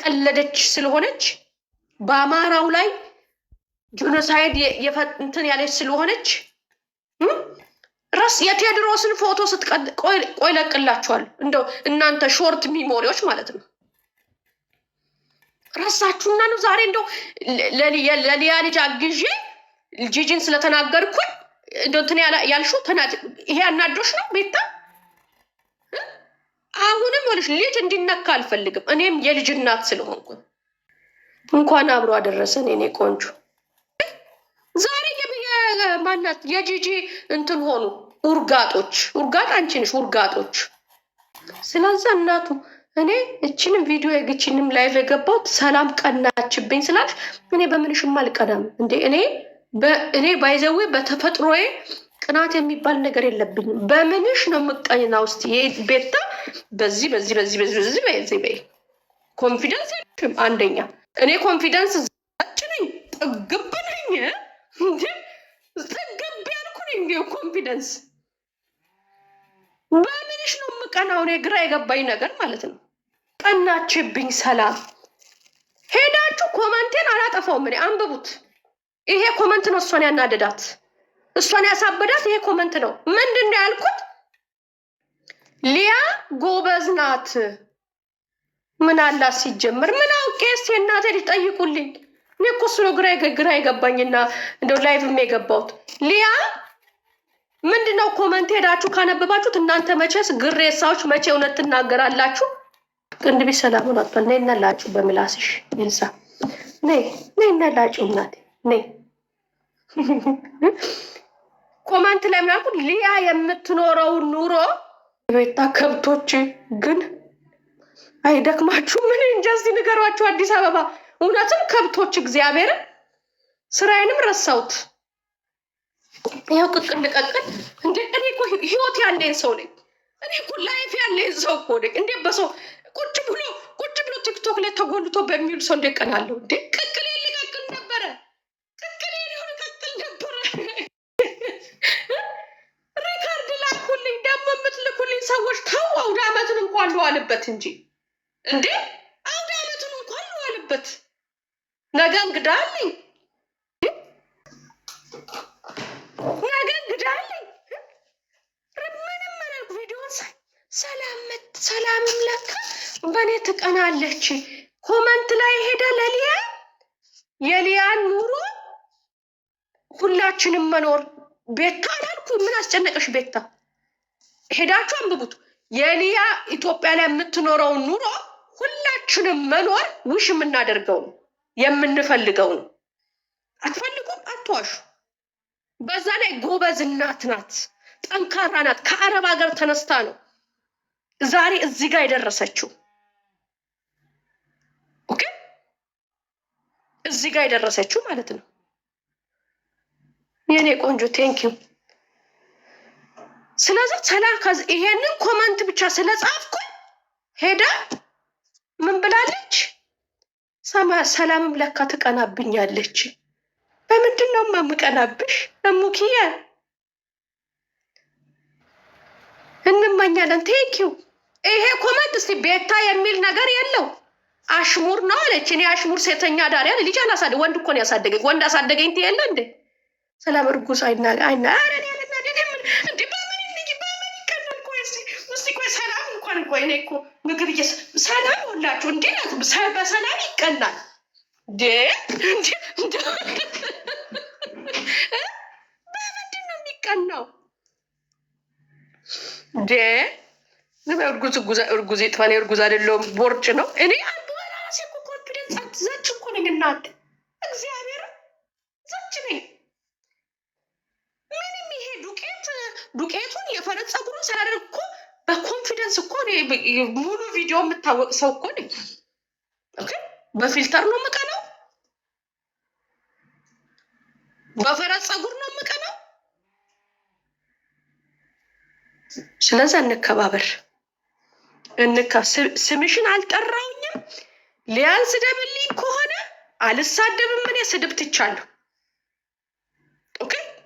እየቀለደች ስለሆነች በአማራው ላይ ጆኖሳይድ እንትን ያለች ስለሆነች ራስ የቴድሮስን ፎቶ ስትቀድ ቆይ ለቅላችኋል። እንደው እናንተ ሾርት ሚሞሪዎች ማለት ነው ረሳችሁና ነው ዛሬ እንደው ለሊያ ልጅ አግዤ ጂጂን ስለተናገርኩኝ እንትን ያልሹ ይሄ አናዶሽ ነው ቤታ አሁንም ሆነች ልጅ እንዲነካ አልፈልግም። እኔም የልጅ እናት ስለሆንኩ እንኳን አብሮ አደረሰን እኔ ቆንጆ። ዛሬ ማናት የጂጂ እንትን ሆኑ ውርጋጦች፣ ውርጋጥ አንቺ ነሽ ውርጋጦች። ስለዛ እናቱ እኔ እችንም ቪዲዮ የግችንም ላይቭ የገባሁት ሰላም ቀናችብኝ ስላልሽ እኔ በምንሽም አልቀናም እንዴ እኔ እኔ ባይዘዌ በተፈጥሮዬ ቅናት የሚባል ነገር የለብኝም። በምንሽ ነው የምቀኝና ውስጥ ቤታ በዚህ በዚህ በዚህ በዚህ በዚህ በዚህ በይ ኮንፊደንስ አልሽም። አንደኛ እኔ ኮንፊደንስ ዛች ነኝ፣ ጥግብ ነኝ፣ ጥግብ ያልኩ ኮንፊደንስ በምንሽ ነው የምቀናው? እኔ ግራ የገባኝ ነገር ማለት ነው። ቀናችብኝ። ሰላም ሄዳችሁ ኮመንቴን አላጠፋውም። እኔ አንብቡት። ይሄ ኮመንት ነው እሷን ያናደዳት። እሷን ያሳበዳት ይሄ ኮመንት ነው። ምንድን ነው ያልኩት? ሊያ ጎበዝ ናት። ምን አላት ሲጀምር? ምን አውቄ እስኪ እናቴ ሊጠይቁልኝ። እኔ እኮ እሱ ነው ግራ የገባኝና እንደው ላይቭም የገባሁት ሊያ ምንድን ነው ኮመንት ሄዳችሁ ካነበባችሁት፣ እናንተ መቼስ ግሬሳዎች መቼ እውነት ትናገራላችሁ? ቅንድ ሰላሙን አጥቷል። ነይ እናላጩ በምላስሽ ይልሳ ነይ ነይ እናላጩ እናቴ ነይ ኮመንት ላይ ምናልኩ ሊያ የምትኖረው ኑሮ ቤታ ከብቶች ግን አይደክማችሁ? ምን እንጃ። እስኪ ንገሯችሁ። አዲስ አበባ እውነትም ከብቶች እግዚአብሔርን ስራዬንም ረሳሁት። ይኸው ቅቅል ቀቅል እንዴ! እኔ እኮ ህይወት ያለኝ ሰው ነኝ። እኔ እኮ ላይፍ ያለኝ ሰው እኮ ነኝ። እንዴ በሰው ቁጭ ብሎ ቁጭ ብሎ ቲክቶክ ላይ ተጎልቶ በሚውል ሰው እንዴ ቀናለሁ እንዴ! ቅቅል ሰዎች ተው፣ አውደ አመቱን እንኳን ለዋልበት እንጂ እንዴ! አውደ አመቱን እንኳን ለዋልበት። ነገ እንግዳ አለኝ፣ ነገ እንግዳ አለኝ። ምንም መረግ ቪዲዮን ሰላምም ለካ በእኔ ትቀናለች። ኮመንት ላይ ሄደ ለሊያ የሊያን ኑሮ ሁላችንም መኖር ቤታ አላልኩ። ምን አስጨነቀሽ ቤታ? ሄዳችሁ አንብቡት። የሊያ ኢትዮጵያ ላይ የምትኖረው ኑሮ ሁላችንም መኖር ውሽ የምናደርገው ነው የምንፈልገው ነው። አትፈልጉም? አትዋሹ። በዛ ላይ ጎበዝ እናት ናት፣ ጠንካራ ናት። ከአረብ ሀገር ተነስታ ነው ዛሬ እዚህ ጋር የደረሰችው። ኦኬ፣ እዚህ ጋር የደረሰችው ማለት ነው። የኔ ቆንጆ ቴንኪው ስለዚህ ስለ ይሄንን ኮመንት ብቻ ስለጻፍኩ ሄዳ ምን ብላለች? ሰላምም ለካ ትቀናብኛለች። በምንድን ነው የምቀናብሽ? እሙኪያ እንመኛለን። ቴንኪው። ይሄ ኮመንት እስቲ ቤታ የሚል ነገር የለው አሽሙር ነው አለች። እኔ አሽሙር ሴተኛ ዳሪያ ልጅ አላሳደ ወንድ እኮ ነው ያሳደገኝ። ወንድ አሳደገኝ ትየለ እንዴ? ሰላም እርጉዝ አይና አይና አረኔ ቆይ እኔ እኮ ምግብ እየስ ሰላም ሁላችሁ እንዴ በሰላም ይቀናል እንዴ በምንድን ነው የሚቀናው እንዴ እርጉዝ እርጉዝ የጥፋኔ እርጉዝ አይደለሁም ቦርጭ ነው እኔ አንዱ ራሴ እኮ ኮንፊደንስ ዘች እኮ ነኝ እናንተ እግዚአብሔር ዘች ነኝ ምንም ይሄ ዱቄት ዱቄቱን የፈረስ ፀጉሩን ሳያደርግ እኮ ኮንፊደንስ እኮ ሙሉ ቪዲዮ የምታወቅ ሰው እኮ ነኝ። በፊልተር ነው የምቀናው፣ በፈረስ ፀጉር ነው የምቀናው። ስለዚ እንከባበር፣ ስምሽን አልጠራውኝም። ሊያን ስደብልኝ ከሆነ አልሳደብም። እኔ ስድብ ትቻለሁ።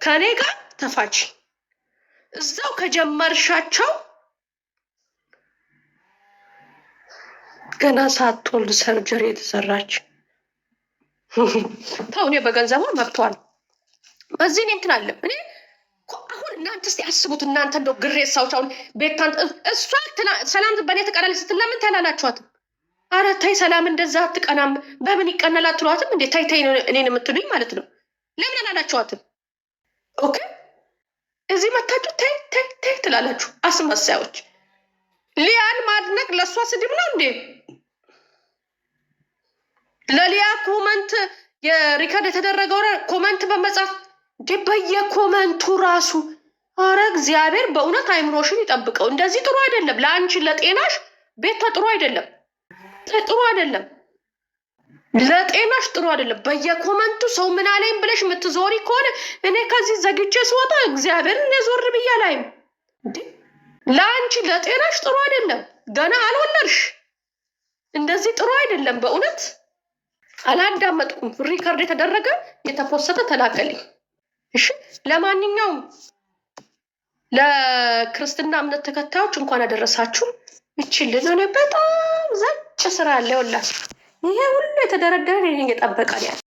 ከእኔ ጋር ተፋች እዛው ከጀመርሻቸው ገና ሳትወልድ ሰርጀሪ የተሰራች ተው። እኔ በገንዘቧ መብቷል። በዚህ እኔ እንትን አለም እኔ አሁን እናንተ ስ ያስቡት እናንተ እንደው ግሬሳዎች አሁን ቤታን እሷ ሰላም በእኔ ትቀናለች ስትል ለምን ተላላችኋትም? አረ ተይ ሰላም እንደዛ አትቀናም፣ በምን ይቀነላ ትሏትም እንዴ? ተይ ተይ እኔን የምትሉኝ ማለት ነው። ለምን አላላችኋትም? ኦኬ እዚህ መታችሁ ተይ ተይ ተይ ትላላችሁ አስመሳዮች። ሊያን ማድነቅ ለእሷ ስድብ ነው እንዴ? ለሊያ ኮመንት የሪከርድ የተደረገው ኮመንት በመጻፍ እንዴ በየኮመንቱ ራሱ አረ እግዚአብሔር በእውነት አይምሮሽን ይጠብቀው። እንደዚህ ጥሩ አይደለም ለአንቺ ለጤናሽ፣ ቤት ተጥሩ አይደለም ጥሩ አይደለም ለጤናሽ ጥሩ አይደለም። በየኮመንቱ ሰው ምን አለኝ ብለሽ የምትዞሪ ከሆነ እኔ ከዚህ ዘግቼ ስወጣ እግዚአብሔር እኔ ዞር ላይም ለአንቺ ለጤናሽ ጥሩ አይደለም። ገና አልወለድሽ። እንደዚህ ጥሩ አይደለም በእውነት አላዳመጥኩም። ሪከርድ የተደረገ የተፖሰተ ተላከልኝ። እሺ፣ ለማንኛውም ለክርስትና እምነት ተከታዮች እንኳን አደረሳችሁ። ይችልን ሆነ በጣም ዘጭ ስራ ያለ ይሄ ሁሉ የተደረደረ ይሄን የጠበቀን ያለ